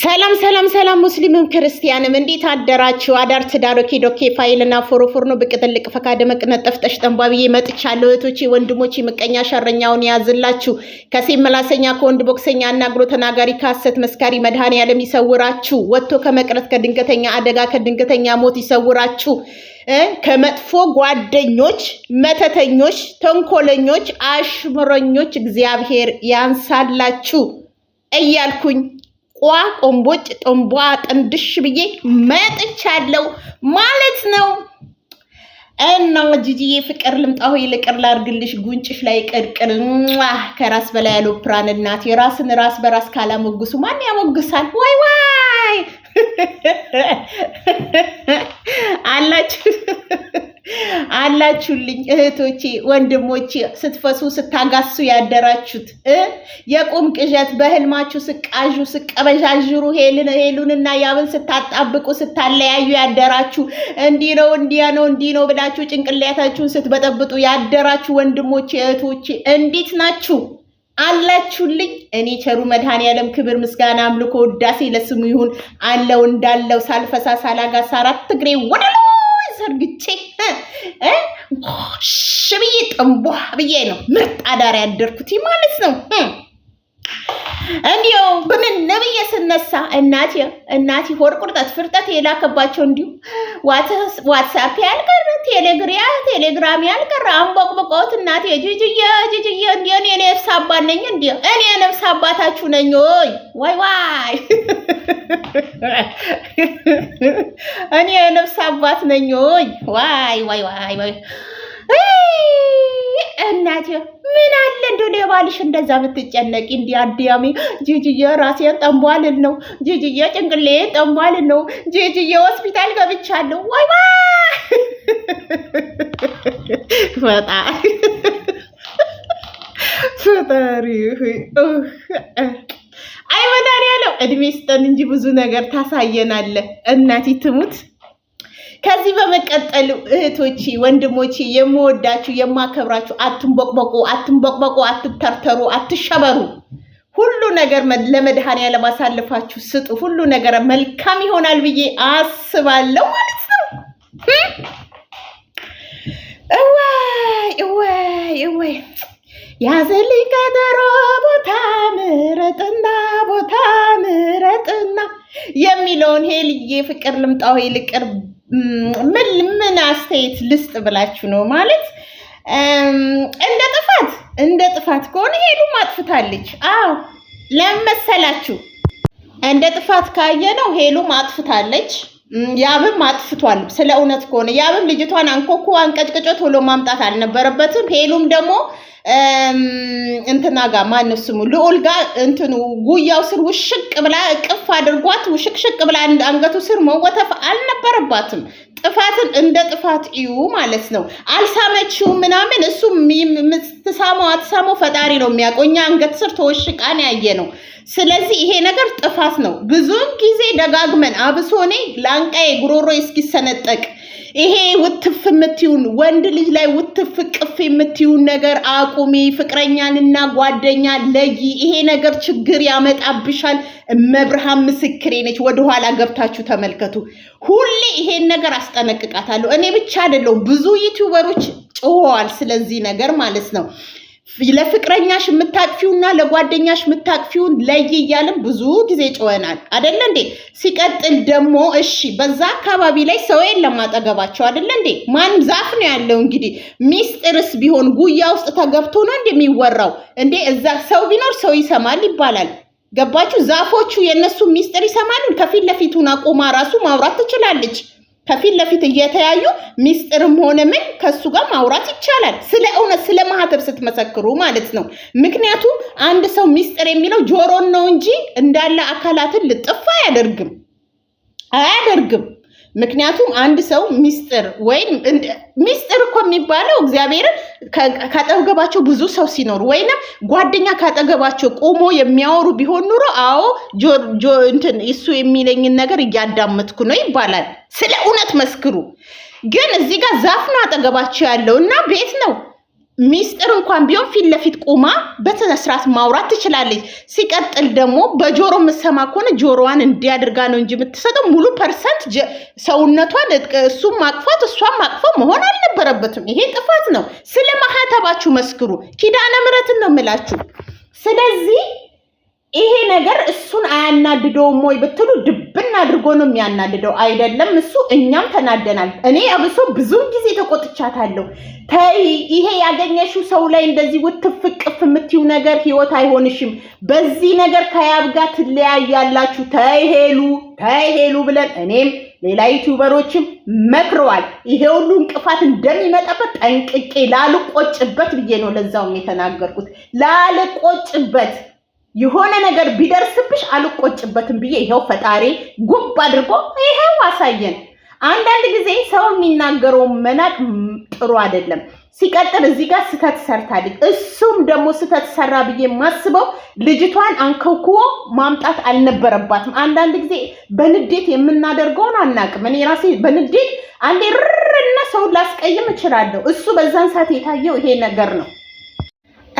ሰላም ሰላም ሰላም ሙስሊምም ክርስቲያንም እንዴት አደራችሁ? አዳር ትዳር ኦኬ ዶኬ ፋይልና ፎሮፎር ብቅ ጥልቅ ፈካደ መቅነጠፍ ጠሽ ጠንቧብዬ መጥቻለሁ። እህቶቼ ወንድሞቼ፣ ምቀኛ ሸረኛውን ያዝላችሁ። ከሴት መላሰኛ ከወንድ ቦክሰኛ አናግሮ ተናጋሪ ከሐሰት መስካሪ መድኃኔዓለም ይሰውራችሁ። ወጥቶ ከመቅረት ከድንገተኛ አደጋ ከድንገተኛ ሞት ይሰውራችሁ። ከመጥፎ ጓደኞች፣ መተተኞች፣ ተንኮለኞች፣ አሽሙረኞች እግዚአብሔር ያንሳላችሁ እያልኩኝ ቋ ቆንቦጭ ጦንቧ ጥንድሽ ብዬ መጥቻለሁ ማለት ነው። እና ጂጂዬ ፍቅር ልምጣ ሆይ ልቅር ላርግልሽ ጉንጭሽ ላይ ቅርቅር ከራስ በላይ ያለው ፕራን እናት የራስን ራስ በራስ ካላሞግሱ ማን ያሞግሳል? ወይ ዋ አላችሁ አላችሁልኝ እህቶቼ ወንድሞቼ፣ ስትፈሱ ስታጋሱ ያደራችሁት የቁም ቅዠት በህልማችሁ ስቃዡ ስቀበዣዥሩ ሄሉንና ያብን ስታጣብቁ ስታለያዩ ያደራችሁ እንዲህ ነው እንዲያ ነው እንዲህ ነው ብላችሁ ጭንቅላታችሁን ስትበጠብጡ ያደራችሁ ወንድሞቼ እህቶቼ እንዴት ናችሁ? አላችሁልኝ። እኔ ቸሩ መድኃኔዓለም ክብር፣ ምስጋና፣ አምልኮ፣ ውዳሴ ለስሙ ይሁን አለው እንዳለው ሳልፈሳ ሳላጋ ሳራት ትግሬ ወደሎ ዘርግቼ ሽ ብዬ ጥንቧ ብዬ ነው ምርጥ አዳር ያደርኩት ማለት ነው። እንዲው በምን ነብዬ ስነሳ እናቴ እናቴ ሆድ ቁርጠት ፍርጠት የላከባቸው እንዲሁ ዋትሳፕ ያልቀር ቴሌግሪያ ቴሌግራም ያልቀረ አንቦቅቦቆት እናቴ ጅጅዬ ጅጅዬ እንዲን እኔ ነፍስ አባት ነኝ እንዲ እኔ ነፍስ አባታችሁ ነኝ ወይ ዋይ ዋይ እኔ ነፍስ አባት ነኝ ወይ ዋይ ዋይ ዋይ ዋይ እናቴ ምን አለ እንደው ለባልሽ እንደዛ ብትጨነቂ እንዲ አዲያሚ ጂጂዬ ራሴን ጠንቧልን ነው ጂጂዬ ጭንቅሌ ጠንቧልን ነው ጂጂዬ ሆስፒታል ገብቻለሁ ወይ ዋይ ፈጣሪ ፈጣሪ አይ መድኃኒዓለም እድሜ ስጠን እንጂ ብዙ ነገር ታሳየናለ። እናቲ ትሙት። ከዚህ በመቀጠሉ እህቶቼ፣ ወንድሞቼ የምወዳችሁ የማከብራችሁ፣ አትንበቅበቁ፣ አትንቦቅቦቁ፣ አትተርተሩ፣ አትሸበሩ። ሁሉ ነገር ለመድኃኒዓለም አሳልፋችሁ ስጡ። ሁሉ ነገር መልካም ይሆናል ብዬ አስባለሁ ማለት ነው። ወይ ያዘልኝ ቀጠሮ ቦታ ምረጥና ቦታ ምረጥና የሚለውን ሄልዬ ፍቅር ልምጣው ልቅር ምን ምን አስተያየት ልስጥ ብላችሁ ነው ማለት እንደ ጥፋት እንደ ጥፋት ከሆነ ሄሉም አጥፍታለች። አዎ ለመሰላችሁ እንደ ጥፋት ካየ ነው ሄሉም አጥፍታለች። ያብም አጥፍቷል። ስለ እውነት ከሆነ ያብም ልጅቷን አንኮኮ አንቀጭቅጮ ቶሎ ማምጣት አልነበረበትም። ሄሉም ደግሞ እንትና ጋር ማነው ስሙ ልዑል ጋር እንትኑ ጉያው ስር ውሽቅ ብላ ቅፍ አድርጓት ውሽቅሽቅ ብላ አንገቱ ስር መወተፍ አልነበረባትም። ጥፋትን እንደ ጥፋት እዩ ማለት ነው። አልሳመችው ምናምን እሱ ትሳመው አትሳመው ፈጣሪ ነው የሚያቆኛ አንገት ስር ተወሽቃን ያየ ነው። ስለዚህ ይሄ ነገር ጥፋት ነው። ብዙውን ጊዜ ደጋግመን አብሶኔ ላንቃዬ ጉሮሮ እስኪሰነጠቅ ይሄ ውትፍ የምትዩን ወንድ ልጅ ላይ ውትፍ ቅፍ የምትዩን ነገር አቁሚ። ፍቅረኛንና ጓደኛ ለይ። ይሄ ነገር ችግር ያመጣብሻል። መብርሃን ምስክሬ ነች። ወደኋላ ገብታችሁ ተመልከቱ። ሁሌ ይሄን ነገር አስጠነቅቃታለሁ። እኔ ብቻ አይደለሁም፣ ብዙ ዩቲዩበሮች ጮኸዋል ስለዚህ ነገር ማለት ነው። ለፍቅረኛሽ የምታቅፊውና ለጓደኛሽ የምታቅፊውን ለይ እያልን ብዙ ጊዜ ጮኸናል አደለ እንዴ? ሲቀጥል ደግሞ እሺ፣ በዛ አካባቢ ላይ ሰው የለም አጠገባቸው አደለ እንዴ? ማንም ዛፍ ነው ያለው። እንግዲህ ሚስጥርስ ቢሆን ጉያ ውስጥ ተገብቶ ነው የሚወራው? እንዴ? እዛ ሰው ቢኖር ሰው ይሰማል ይባላል። ገባችሁ? ዛፎቹ የእነሱ ሚስጥር ይሰማልን? ከፊት ለፊቱን አቁማ ራሱ ማውራት ትችላለች። ከፊት ለፊት እየተያዩ ሚስጥርም ሆነ ምን ከሱ ጋር ማውራት ይቻላል። ስለ እውነት ስለ ማህተብ ስትመሰክሩ ማለት ነው። ምክንያቱም አንድ ሰው ሚስጥር የሚለው ጆሮን ነው እንጂ እንዳለ አካላትን ልጥፍ አያደርግም አያደርግም። ምክንያቱም አንድ ሰው ሚስጥር ወይም ሚስጥር እኮ የሚባለው እግዚአብሔር ካጠገባቸው ብዙ ሰው ሲኖር ወይንም ጓደኛ ካጠገባቸው ቆሞ የሚያወሩ ቢሆን ኑሮ አዎ እንትን እሱ የሚለኝን ነገር እያዳመጥኩ ነው ይባላል። ስለ እውነት መስክሩ። ግን እዚህ ጋር ዛፍ ነው አጠገባቸው ያለው እና ቤት ነው ሚስጥር እንኳን ቢሆን ፊት ለፊት ቁማ በስነ ስርዓት ማውራት ትችላለች። ሲቀጥል ደግሞ በጆሮ የምትሰማ ከሆነ ጆሮዋን እንዲያድርጋ ነው እንጂ የምትሰጠው ሙሉ ፐርሰንት ሰውነቷን እሱም ማቅፋት እሷም ማቅፋ መሆን አልነበረበትም። ይሄ ጥፋት ነው። ስለ ማህተባችሁ መስክሩ። ኪዳነ ምሕረትን ነው የምላችሁ። ስለዚህ ይሄ ነገር እሱን አያናድደውም ወይ ብትሉ ድብን አድርጎ ነው የሚያናድደው። አይደለም እሱ እኛም ተናደናል። እኔ አብሶ ብዙም ጊዜ ተቆጥቻታለሁ። ተይ ይሄ ያገኘሽው ሰው ላይ እንደዚህ ውትፍቅፍ የምትይው ነገር ህይወት አይሆንሽም። በዚህ ነገር ከያብ ጋር ትለያያላችሁ። ተይ ሄሉ፣ ተይ ሄሉ ብለን እኔም ሌላ ዩቲዩበሮችም መክረዋል። ይሄ ሁሉ እንቅፋት እንደሚመጣበት ጠንቅቄ ላልቆጭበት ብዬ ነው ለዛውም የተናገርኩት ላልቆጭበት የሆነ ነገር ቢደርስብሽ አልቆጭበትም ብዬ ይኸው ፈጣሪ ጉብ አድርጎ ይኸው አሳየን። አንዳንድ ጊዜ ሰው የሚናገረው መናቅ ጥሩ አይደለም። ሲቀጥል እዚህ ጋር ስህተት ሰርታለች። እሱም ደግሞ ስህተት ሰራ ብዬ የማስበው ልጅቷን አንከውክዎ ማምጣት አልነበረባትም። አንዳንድ ጊዜ በንዴት የምናደርገውን አናቅም። እኔ ራሴ በንዴት አንዴ ርርና ሰውን ላስቀይም እችላለሁ። እሱ በዛን ሰዓት የታየው ይሄ ነገር ነው።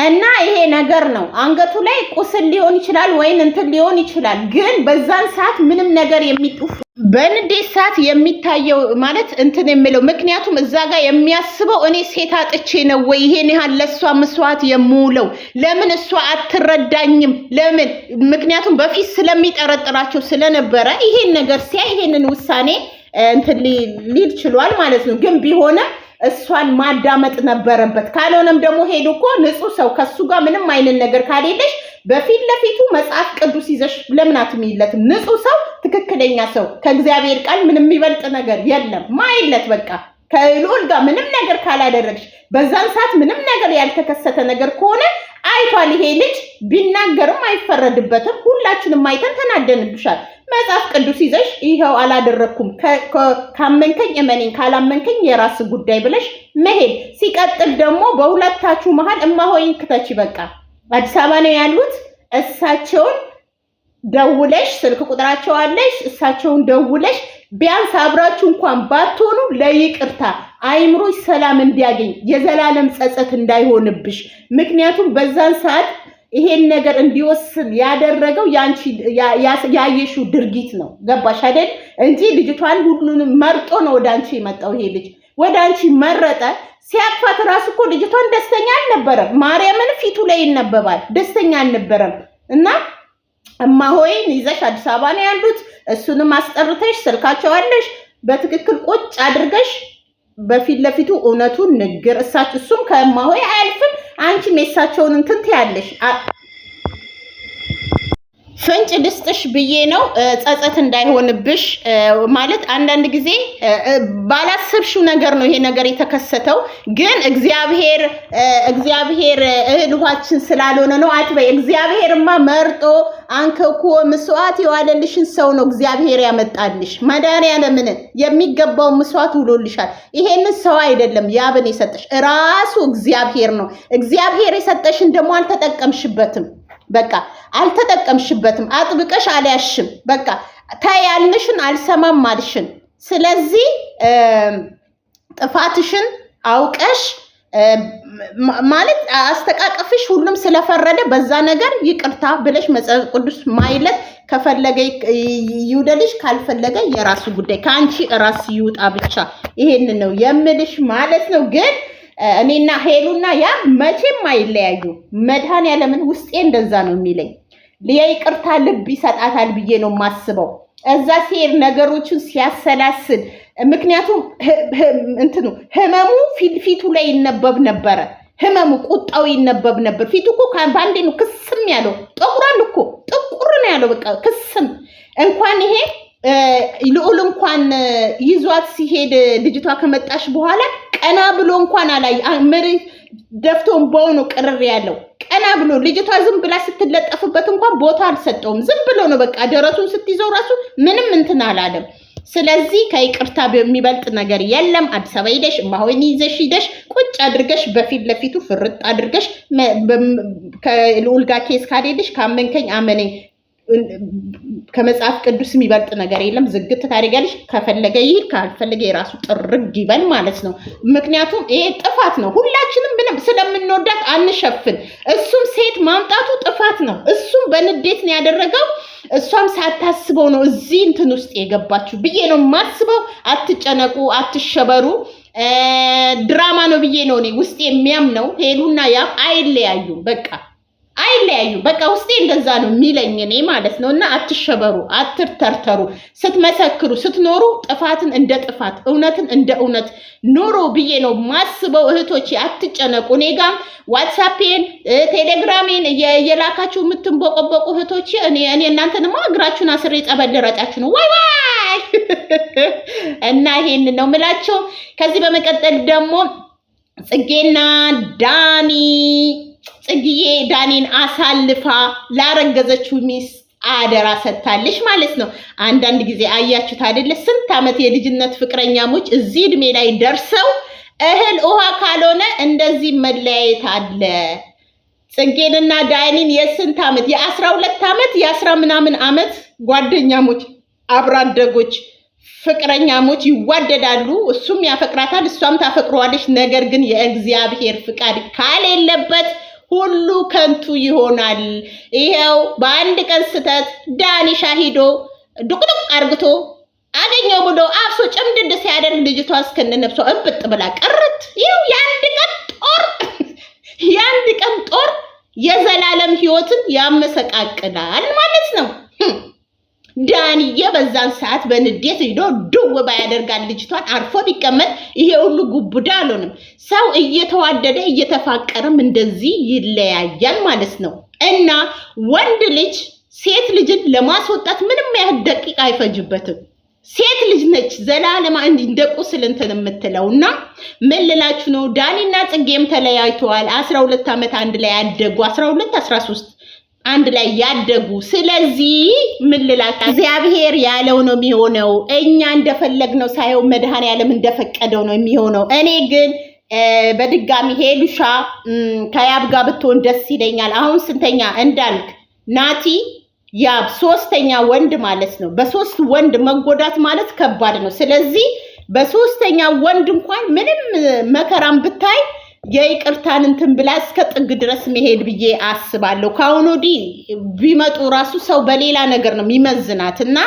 እና ይሄ ነገር ነው። አንገቱ ላይ ቁስል ሊሆን ይችላል ወይም እንትን ሊሆን ይችላል። ግን በዛን ሰዓት ምንም ነገር የሚጡፍ በንዴት ሰዓት የሚታየው ማለት እንትን የሚለው ምክንያቱም እዛ ጋር የሚያስበው እኔ ሴት አጥቼ ነው ወይ ይሄን ያህል ለእሷ መስዋዕት የምውለው? ለምን እሷ አትረዳኝም? ለምን ምክንያቱም በፊት ስለሚጠረጥራቸው ስለነበረ ይሄን ነገር ሲያይ ይሄንን ውሳኔ እንትን ሊል ችሏል ማለት ነው። ግን ቢሆንም እሷን ማዳመጥ ነበረበት። ካልሆነም ደግሞ ሄዱ እኮ ንጹህ ሰው ከሱ ጋር ምንም አይነት ነገር ካሌለሽ በፊት ለፊቱ መጽሐፍ ቅዱስ ይዘሽ ለምን አትሚለትም? ንጹህ ሰው፣ ትክክለኛ ሰው ከእግዚአብሔር ቃል ምንም የሚበልጥ ነገር የለም። ማይለት በቃ ከልዑል ጋር ምንም ነገር ካላደረግሽ በዛን ሰዓት ምንም ነገር ያልተከሰተ ነገር ከሆነ አይቷል። ይሄ ልጅ ቢናገርም አይፈረድበትም። ሁላችንም አይተን ተናደንብሻል። መጽሐፍ ቅዱስ ይዘሽ ይኸው አላደረግኩም፣ ካመንከኝ እመኔን፣ ካላመንከኝ የራስ ጉዳይ ብለሽ መሄድ። ሲቀጥል ደግሞ በሁለታችሁ መሀል እማሆይን ክተች። በቃ አዲስ አበባ ነው ያሉት። እሳቸውን ደውለሽ ስልክ ቁጥራቸው አለሽ። እሳቸውን ደውለሽ ቢያንስ አብራችሁ እንኳን ባትሆኑ ለይቅርታ አይምሮች ሰላም እንዲያገኝ የዘላለም ጸጸት እንዳይሆንብሽ። ምክንያቱም በዛን ሰዓት ይሄን ነገር እንዲወስን ያደረገው ያንቺ ያየሽው ድርጊት ነው። ገባሽ አይደል? እንጂ ልጅቷን ሁሉንም መርጦ ነው ወደ አንቺ የመጣው ይሄ ልጅ ወደ አንቺ መረጠ። ሲያቅፋት ራሱ እኮ ልጅቷን ደስተኛ አልነበረም። ማርያምን ፊቱ ላይ ይነበባል። ደስተኛ አልነበረም እና እማሆይን ይዘሽ አዲስ አበባ ነው ያሉት። እሱንም አስጠርተሽ ስልካቸዋለሽ በትክክል ቁጭ አድርገሽ በፊት ለፊቱ እውነቱን ንግር እሳች እሱም ከማሆይ አያልፍም። አንቺም የእሳቸውን እንትን ትያለሽ። ፍንጭ ልስጥሽ ብዬ ነው፣ ጸጸት እንዳይሆንብሽ ማለት አንዳንድ ጊዜ ባላሰብሽው ነገር ነው ይሄ ነገር የተከሰተው። ግን እግዚአብሔር እግዚአብሔር እህል ውሃችን ስላልሆነ ነው አትበይ። እግዚአብሔርማ መርጦ አንከኮ ምስዋት የዋለልሽን ሰው ነው እግዚአብሔር ያመጣልሽ። መድኃኒዓለምን የሚገባው ምስዋት ውሎልሻል። ይሄንን ሰው አይደለም ያብን የሰጠሽ ራሱ እግዚአብሔር ነው። እግዚአብሔር የሰጠሽን ደግሞ አልተጠቀምሽበትም። በቃ አልተጠቀምሽበትም፣ አጥብቀሽ አልያሽም። በቃ ታያልንሽን አልሰማም አልሽን። ስለዚህ ጥፋትሽን አውቀሽ ማለት አስተቃቀፍሽ ሁሉም ስለፈረደ በዛ ነገር ይቅርታ ብለሽ መጽሐፍ ቅዱስ ማይለት ከፈለገ ይውደልሽ፣ ካልፈለገ የራሱ ጉዳይ ከአንቺ ራስ ይውጣ ብቻ። ይሄን ነው የምልሽ ማለት ነው ግን እኔና ሄሉና ያ መቼም አይለያዩ። መድኃኒዓለምን ውስጤ እንደዛ ነው የሚለኝ። የይቅርታ ልብ ይሰጣታል ብዬ ነው የማስበው። እዛ ሲሄድ ነገሮችን ሲያሰላስል፣ ምክንያቱም እንትኑ ህመሙ ፊቱ ላይ ይነበብ ነበረ። ህመሙ ቁጣው ይነበብ ነበር። ፊቱ እኮ በአንዴ ነው ክስም ያለው። ጠቁሯል እኮ ጥቁር ነው ያለው። በቃ ክስም እንኳን ይሄ ልዑል እንኳን ይዟት ሲሄድ ልጅቷ ከመጣሽ በኋላ ቀና ብሎ እንኳን አላይ መሬት ደፍቶን በሆኑ ቅርር ያለው ቀና ብሎ ልጅቷ ዝም ብላ ስትለጠፍበት እንኳን ቦታ አልሰጠውም። ዝም ብሎ ነው በቃ ደረቱን ስትይዘው ራሱ ምንም እንትን አላለም። ስለዚህ ከይቅርታ የሚበልጥ ነገር የለም። አዲስ አበባ ሂደሽ እማሆይን ይዘሽ ሂደሽ ቁጭ አድርገሽ በፊት ለፊቱ ፍርጥ አድርገሽ ከልዑል ጋር ኬስ ካደሄደሽ ካመንከኝ አመነኝ ከመጽሐፍ ቅዱስ የሚበልጥ ነገር የለም። ዝግት ታደርጊያለሽ። ከፈለገ ይሄድ ካልፈለገ የራሱ ጥርግ ይበል ማለት ነው። ምክንያቱም ይሄ ጥፋት ነው። ሁላችንም ምንም ስለምንወዳት አንሸፍን። እሱም ሴት ማምጣቱ ጥፋት ነው። እሱም በንዴት ነው ያደረገው። እሷም ሳታስበው ነው እዚህ እንትን ውስጥ የገባችው ብዬ ነው ማስበው። አትጨነቁ፣ አትሸበሩ። ድራማ ነው ብዬ ነው እኔ ውስጥ የሚያምነው። ሄሉና ያ አይለያዩም በቃ አይለያዩ። በቃ ውስጤ እንደዛ ነው የሚለኝ እኔ ማለት ነው። እና አትሸበሩ፣ አትተርተሩ። ስትመሰክሩ ስትኖሩ ጥፋትን እንደ ጥፋት እውነትን እንደ እውነት ኑሩ ብዬ ነው ማስበው። እህቶች አትጨነቁ። እኔ ጋም ዋትሳፔን ቴሌግራሜን የላካችሁ የምትንቦቆቦቁ እህቶች እኔ እናንተንማ እግራችሁን አስሬ ጸበል ልረጫችሁ ነው ዋይ ዋይ። እና ይሄን ነው ምላቸው። ከዚህ በመቀጠል ደግሞ ጽጌና ዳኒ ጽግዬ ዳኒን አሳልፋ ላረገዘችው ሚስ አደራ ሰጥታለች ማለት ነው። አንዳንድ ጊዜ አያችሁት አይደለ? ስንት ዓመት የልጅነት ፍቅረኛሞች እዚህ እድሜ ላይ ደርሰው እህል ውሃ ካልሆነ እንደዚህ መለያየት አለ። ጽጌንና ዳኒን የስንት ዓመት የአስራ ሁለት ዓመት የአስራ ምናምን ዓመት ጓደኛሞች አብሮ አደጎች ፍቅረኛሞች ይዋደዳሉ። እሱም ያፈቅራታል፣ እሷም ታፈቅረዋለች። ነገር ግን የእግዚአብሔር ፍቃድ ካሌለበት ሁሉ ከንቱ ይሆናል። ይኸው በአንድ ቀን ስተት ዳኒሻ ሂዶ ዱቅዱቅ አርግቶ አገኘው ብሎ አፍሶ ጭምድድ ሲያደርግ ልጅቷ እስክንነብሰው እብጥ ብላ ቀረት። ይኸው የአንድ ቀን ጦር የአንድ ቀን ጦር የዘላለም ህይወትን ያመሰቃቅላል ማለት ነው። ዳንዬ በዛን ሰዓት በንዴት ሂዶ ድው ባያደርጋል ልጅቷን አርፎ ቢቀመጥ ይሄ ሁሉ ጉቡዳ አልሆንም። ሰው እየተዋደደ እየተፋቀረም እንደዚህ ይለያያል ማለት ነው። እና ወንድ ልጅ ሴት ልጅን ለማስወጣት ምንም ያህል ደቂቃ አይፈጅበትም። ሴት ልጅ ነች ዘላለማ እንደ ቁስል እንትን የምትለው እና ምን ልላችሁ ነው፣ ዳኒና ጽጌም ተለያይተዋል። አስራ ሁለት ዓመት አንድ ላይ ያደጉ አስራ ሁለት አስራ ሶስት አንድ ላይ ያደጉ። ስለዚህ ምን እግዚአብሔር ያለው ነው የሚሆነው። እኛ እንደፈለግነው ሳይሆን መድኃኔዓለም እንደፈቀደው ነው የሚሆነው። እኔ ግን በድጋሚ ሄሉሻ ከያብ ጋር ብትሆን ደስ ይለኛል። አሁን ስንተኛ እንዳልክ ናቲ ያብ ሶስተኛ ወንድ ማለት ነው። በሶስት ወንድ መጎዳት ማለት ከባድ ነው። ስለዚህ በሶስተኛ ወንድ እንኳን ምንም መከራም ብታይ የይቅርታን እንትን ብላ እስከ ጥግ ድረስ መሄድ ብዬ አስባለሁ። ከአሁኑ ወዲህ ቢመጡ ራሱ ሰው በሌላ ነገር ነው የሚመዝናት እና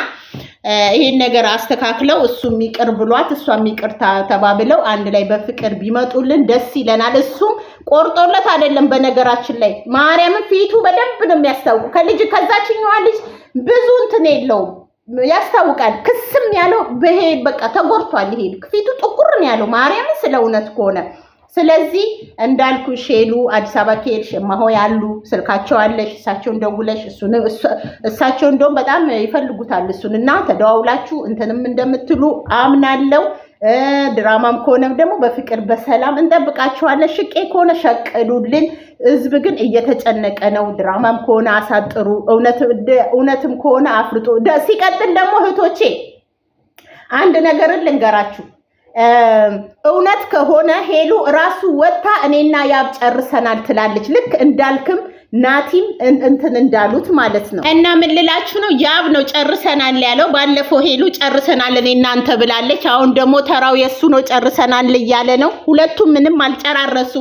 ይሄን ነገር አስተካክለው እሱም ይቅር ብሏት እሷም ይቅርታ ተባብለው አንድ ላይ በፍቅር ቢመጡልን ደስ ይለናል። እሱም ቆርጦለት አይደለም። በነገራችን ላይ ማርያምን ፊቱ በደንብ ነው የሚያስታውቁ። ከልጅ ከዛችኛዋ ልጅ ብዙ እንትን የለውም ያስታውቃል። ክስም ያለው በሄድ በቃ ተጎድቷል። ይሄ ፊቱ ጥቁር ነው ያለው ማርያም ስለ እውነት ከሆነ ስለዚህ እንዳልኩ ሼሉ አዲስ አበባ ከሄድሽ እማሆ ያሉ ስልካቸው አለሽ። እሳቸውን ደውለሽ እሱን እሳቸው እንደውም በጣም ይፈልጉታል እሱን እና ተደዋውላችሁ እንትንም እንደምትሉ አምናለው። ድራማም ከሆነ ደግሞ በፍቅር በሰላም እንጠብቃችኋለን። ሽቄ ከሆነ ሸቅሉልን። ህዝብ ግን እየተጨነቀ ነው። ድራማም ከሆነ አሳጥሩ፣ እውነትም ከሆነ አፍርጦ። ሲቀጥል ደግሞ እህቶቼ አንድ ነገርን ልንገራችሁ እውነት ከሆነ ሄሉ ራሱ ወጥታ እኔና ያብ ጨርሰናል ትላለች። ልክ እንዳልክም ናቲም እንትን እንዳሉት ማለት ነው። እና ምን ልላችሁ ነው፣ ያብ ነው ጨርሰናል ያለው። ባለፈው ሄሉ ጨርሰናል እኔ እናንተ ብላለች። አሁን ደግሞ ተራው የእሱ ነው ጨርሰናል እያለ ነው። ሁለቱም ምንም አልጨራረሱ።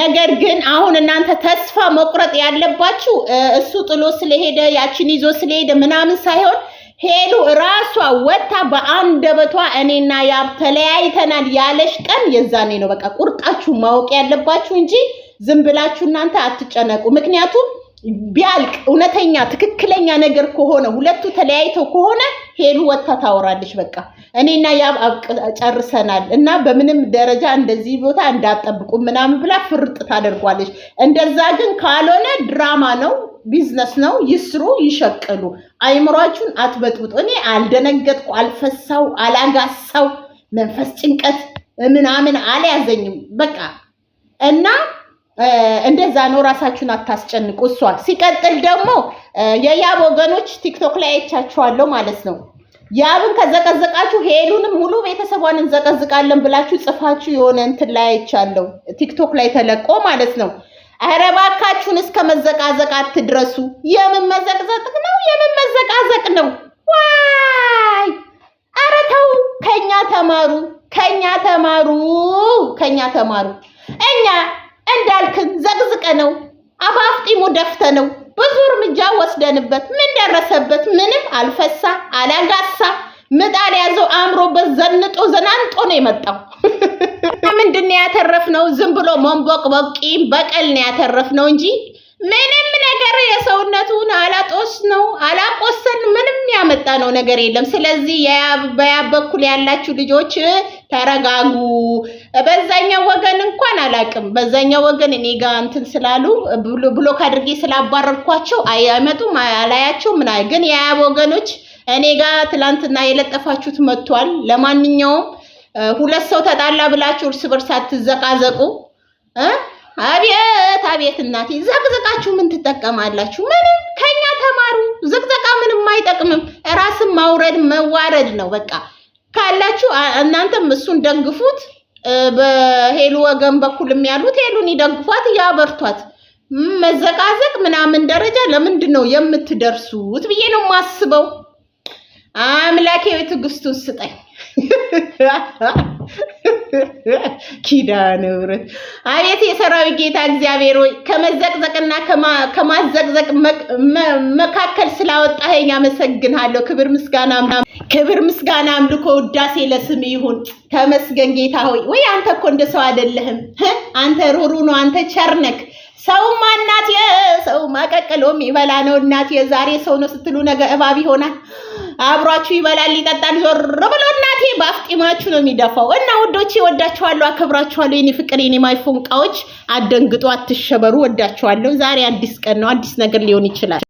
ነገር ግን አሁን እናንተ ተስፋ መቁረጥ ያለባችሁ እሱ ጥሎ ስለሄደ ያችን ይዞ ስለሄደ ምናምን ሳይሆን ሄሉ ራሷ ወጥታ በአንደበቷ እኔና ያብ ተለያይተናል ያለሽ ቀን የዛኔ ነው። በቃ ቁርጣችሁ ማወቅ ያለባችሁ እንጂ ዝም ብላችሁ እናንተ አትጨነቁ። ምክንያቱም ቢያልቅ እውነተኛ ትክክለኛ ነገር ከሆነ ሁለቱ ተለያይተው ከሆነ ሄሉ ወጥታ ታወራለች። በቃ እኔና ያብ ጨርሰናል እና በምንም ደረጃ እንደዚህ ቦታ እንዳጠብቁ ምናምን ብላ ፍርጥ ታደርጓለች። እንደዛ ግን ካልሆነ ድራማ ነው። ቢዝነስ ነው፣ ይስሩ፣ ይሸቅሉ። አይምሯችሁን አትበጥብጡ። እኔ አልደነገጥኩ፣ አልፈሳው፣ አላጋሳው መንፈስ ጭንቀት ምናምን አልያዘኝም። በቃ እና እንደዛ ነው። ራሳችሁን አታስጨንቁ። እሷ ሲቀጥል ደግሞ የያብ ወገኖች ቲክቶክ ላይ አይቻችኋለሁ ማለት ነው። ያብን ከዘቀዘቃችሁ ሄሉንም ሙሉ ቤተሰቧን እንዘቀዝቃለን ብላችሁ ጽፋችሁ የሆነ እንትን ላይ አይቻለሁ ቲክቶክ ላይ ተለቆ ማለት ነው። ኧረ እባካችሁን እስከ መዘቃዘቅ አትድረሱ። የምን መዘቅዘቅ ነው? የምን መዘቃዘቅ ነው? ዋይ ኧረ ተው፣ ከኛ ተማሩ፣ ከኛ ተማሩ፣ ከኛ ተማሩ። እኛ እንዳልክን ዘቅዝቀ ነው አባፍጢሙ ደፍተ ነው ብዙ እርምጃ ወስደንበት ምን ደረሰበት? ምንም አልፈሳ አላጋሳ ምጣድ ያዘው አእምሮበት ዘንጦ ዘናንጦ ነው የመጣው። ምንድን ነው ያተረፍነው? ዝም ብሎ መንቦቅቦቅ በቀል ነው ያተረፍነው እንጂ ምንም ነገር የሰውነቱን አላጦስ ነው አላቆሰን ምንም ያመጣ ነው ነገር የለም። ስለዚህ በያ በኩል ያላችሁ ልጆች ተረጋጉ። በዛኛው ወገን እንኳን አላቅም። በዛኛው ወገን እኔ ጋ እንትን ስላሉ ብሎክ አድርጌ ስላባረርኳቸው አይመጡም፣ አላያቸው ምናምን ግን የያብ ወገኖች እኔ ጋር ትላንትና የለጠፋችሁት መጥቷል። ለማንኛውም ሁለት ሰው ተጣላ ብላችሁ እርስ በርስ አትዘቃዘቁ። አቤት አቤት እናቴ ዘቅዘቃችሁ ምን ትጠቀማላችሁ? ምንም ከኛ ተማሩ። ዘቅዘቃ ምንም አይጠቅምም። ራስን ማውረድ መዋረድ ነው። በቃ ካላችሁ እናንተም እሱን ደግፉት። በሄሉ ወገን በኩልም ያሉት ሄሉን ይደግፏት፣ ያበርቷት። መዘቃዘቅ ምናምን ደረጃ ለምንድን ነው የምትደርሱት ብዬ ነው ማስበው። አምላኬ ወይ ትዕግስቱን ስጠኝ። ኪዳነ ምሕረት አቤት የሰራዊት ጌታ እግዚአብሔር ወይ ከመዘቅዘቅና ከማዘቅዘቅ መካከል ስላወጣኸኝ አመሰግንሃለሁ። ክብር ምስጋና ክብር ምስጋና፣ አምልኮ፣ ውዳሴ ለስም ይሁን። ተመስገን ጌታ ሆይ ወይ አንተ እኮ እንደ ሰው አይደለህም። አንተ ሩሩ ነው። አንተ ቸርነክ ሰውማ እናት ሰው ማቀቅሎ የሚበላ ነው። እናት ዛሬ ሰው ነው ስትሉ ነገ እባብ ይሆናል። አብሯችሁ ይበላል ይጠጣል። ዞር ብሎ እናቴ በአፍጢማችሁ ነው የሚደፋው። እና ውዶቼ ወዳችኋለሁ፣ አከብራችኋለሁ። የኔ ፍቅር የኔ ማይፎን እቃዎች አደንግጡ፣ አትሸበሩ። ወዳችኋለሁ። ዛሬ አዲስ ቀን ነው፣ አዲስ ነገር ሊሆን ይችላል።